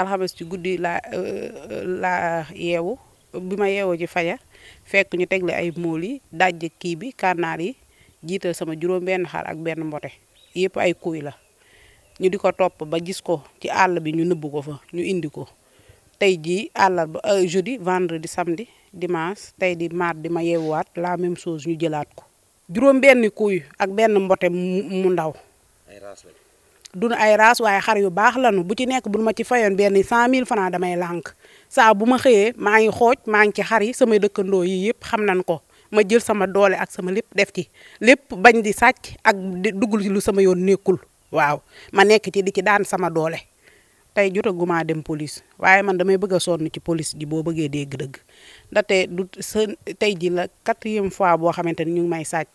alxames ci guddi laa euh, laa yeewu bi ma yeewoo ji fajar fekk ñu tegle ay mool yi dajj kii bi kànnaar yi jiital sama juróom benn xar ak benn mbote yëpp ay kuy la ñu di ko topp ba gis ko ci àll bi ñu nëbb ko fa ñu indi ko tey àll àllarba euh, jeudi vendredi samedi dimanche tey di di ma yeewuwaat la même chose ñu jëlaat ko juróom benni kuy ak benn mbote mu ndaw dunu ay raas waaye xar yu baax lanu bu ci nekk bu ma ci fayoon benn cent mille francs damay lànk saa bu ma xëyee maa ngi xooj maa ngi ci xar yi samay dëkkandoo yi yëpp xam nan ko ma jël sama doole ak sama lépp def ci lépp bañ di sàcc ak duggul ci lu sama yoon nekkul waaw ma nekk ci di ci daan sama doole tey jotaguma dem police waaye man damay bëgg a sonn ci police ji boo bëggee dégg dëgg ndaxte du sa tey ji la quatrième fois boo xamante ni ñu ngi may sàcc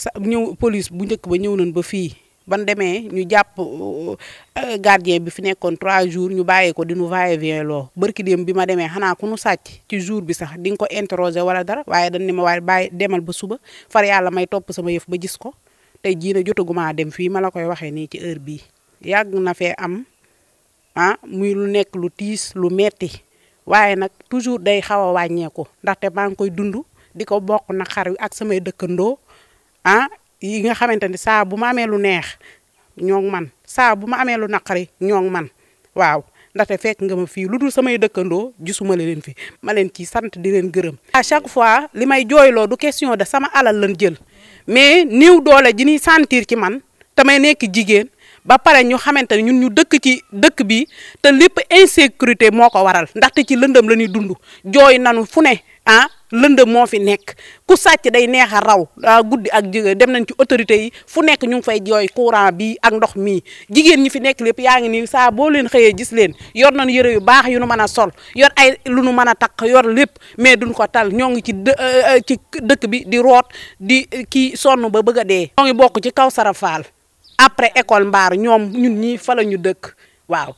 sa ñëw police bu njëkk ba ñëw nañ ba fii ban demee ñu jàpp euh, euh, gardien bi fi nekkoon trois jours ñu bàyyee ko di nu vaillé vient loo barki bi ma demee xanaa ku nu sàcc ci jour bi sax di ko interroger wala dara waaye dañ ne ma waaye demal ba suba far yàlla may topp sama yëf ba gis ko tey jii na jotaguma dem fii ma la koy waxee nii ci heure bi yàgg na fee am ah muy lu nekk lu tiis lu metti waaye nag toujours day xaw a wàññeeku ndaxte maa ngi koy dund di ko bokk nag xar wi ak samay dëkkandoo ah yi nga xamante ni saa bu ma amee lu neex ñoo man saa bu ma amee lu naqari ñoo man waaw ndaxte fekk nga ma fii lu dul samay dëkkandoo gisuma leen fi ma leen ciy sant di leen gërëm. à chaque fois li may jooyloo du question de sama alal lan jël mais néew doole ji ñuy sentir ci man tamay nekk jigéen. ba pare ñu xamante ne ñun ñu dëkk ci dëkk bi te lépp insécurité moo ko waral ndaxte ci lëndëm la ñuy dund jooy nanu fu ne ah lëndëm moo fi nekk ku sàcc day neex a raw ah, guddi ak jigéen dem nañ ci autorité yi fu nekk ñu fay jooy courant bi ak ndox jigéen ñi fi nekk lépp yaa ngi nii saa boo leen xëyee gis leen yor nañu yére yu baax yu nu mën a sol yor ay lu nu mën a takk yor lépp mais duñ ko tal ñoo ngi ci euh, euh, ci dëkk bi di root di kii sonn ba bëgg a dee. ñoo ngi bokk ci kaw sara après école mbaar ñoom ñun ñii fa la ñu dëkk waaw.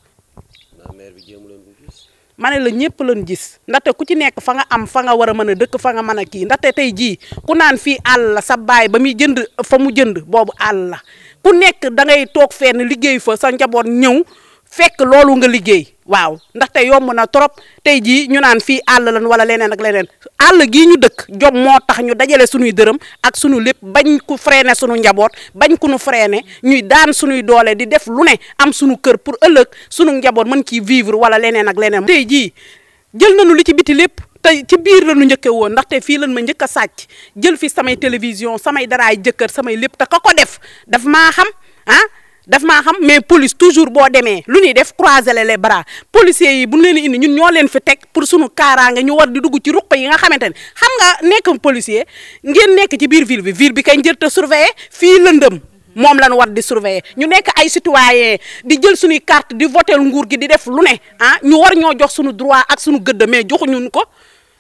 ma ne la ñëpp lañ gis ndaxte ku ci nekk fa nga am fa nga war a mën a dëkk fa nga mën a kii ndate tey jii ku naan fii àll la sa baay ba muy jënd fa mu jënd boobu àll la ku nekk dangay ngay toog fenn liggéey fa sa njaboot ñëw. fekk loolu nga liggéey waaw ndaxte yomb na trop tey jii ñu naan fii àll lan wala leneen ak leneen àll gii ñu dëkk jom moo tax ñu dajale suñuy dërëm ak sunu lépp bañ ku ne suñu njaboot bañ ku nu ne ñuy daan suñuy doole di def lu ne am suñu kër pour ëllëg suñu njaboot mën kii vivre wala leneen ak leneen. tey jii jël nañu li ci biti lépp. tey ci biir la ñu njëkke woon ndaxte fii lan ma njëkk sàcc jël fi samay télévision samay daraay jëkkër samay lépp te ka ko def daf maa xam ah daf maa xam mais police toujours boo demee lu ñuy def croiser les bras policier yi bu ñu leen indi ñun ñoo leen fi teg pour sunu kaaraange ñu war di dugg ci ruq yi nga xamante ne xam nga nekk policier ngeen nekk ci biir ville bi ville bi kañ jërta surveiller fii lëndëm moom la lañ war di surveiller ñu nekk ay citoyen di jël suñuy carte di votel nguur gi di def lu ne ah ñu war ñoo jox suñu droit ak suñu gëdd mais joxuñu ko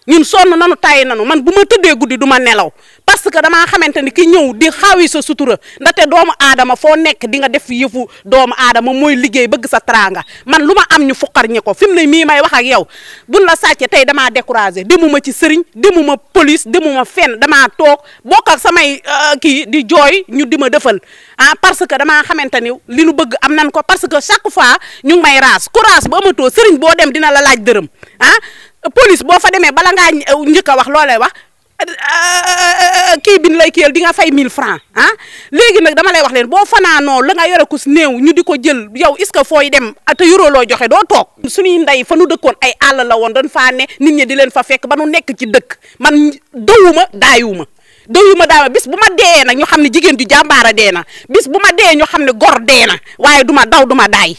ñun na sonn nanu na nanu man bu ma tëddee guddi du nelaw parce que damaa xamante ni ki ñëw di xaawi sa sutura ndate doomu aadama foo nekk di nga def yëfu doomu aadama mooy liggéey bëgg sa teraanga man lu ma am ñu fuqar ñi ko fi mu ne mii may wax ak yow buñ la sàccee tey damaa découragé demuma ci sëriñ demuma police demuma fenn damaa toog bokk ak samay euh, kii di jooy ñu di ma defal ah parce que damaa xamante ni li nu bëgg am nan ko parce que chaque fois ñu ngi may raas ku raas bu amatoo sëriñ boo dem dina la laaj dërëm ah police boo fa demee bala ngaa njëkk a wax loo wax. Ah, kii bi ñu lay kiyal di nga fay 1000 francs ah léegi nag dama lay wax leen boo fanaanoo la nga yore ko néew ñu di ko jël yow est-ce que fooy dem ah, te yoroo loo joxe doo toog suñuy ndey fa nu dëkkoon ay àll la woon dañ faa ne nit ñi di leen fa fekk ba nu nekk ci dëkk man dawuma daayuma dawuma daama bis bu ma dee nag ñu xam ne jigéen ju jàmbaara dee na bis bu ma dee ñu xam ne gor dee na waaye duma daw duma ma daay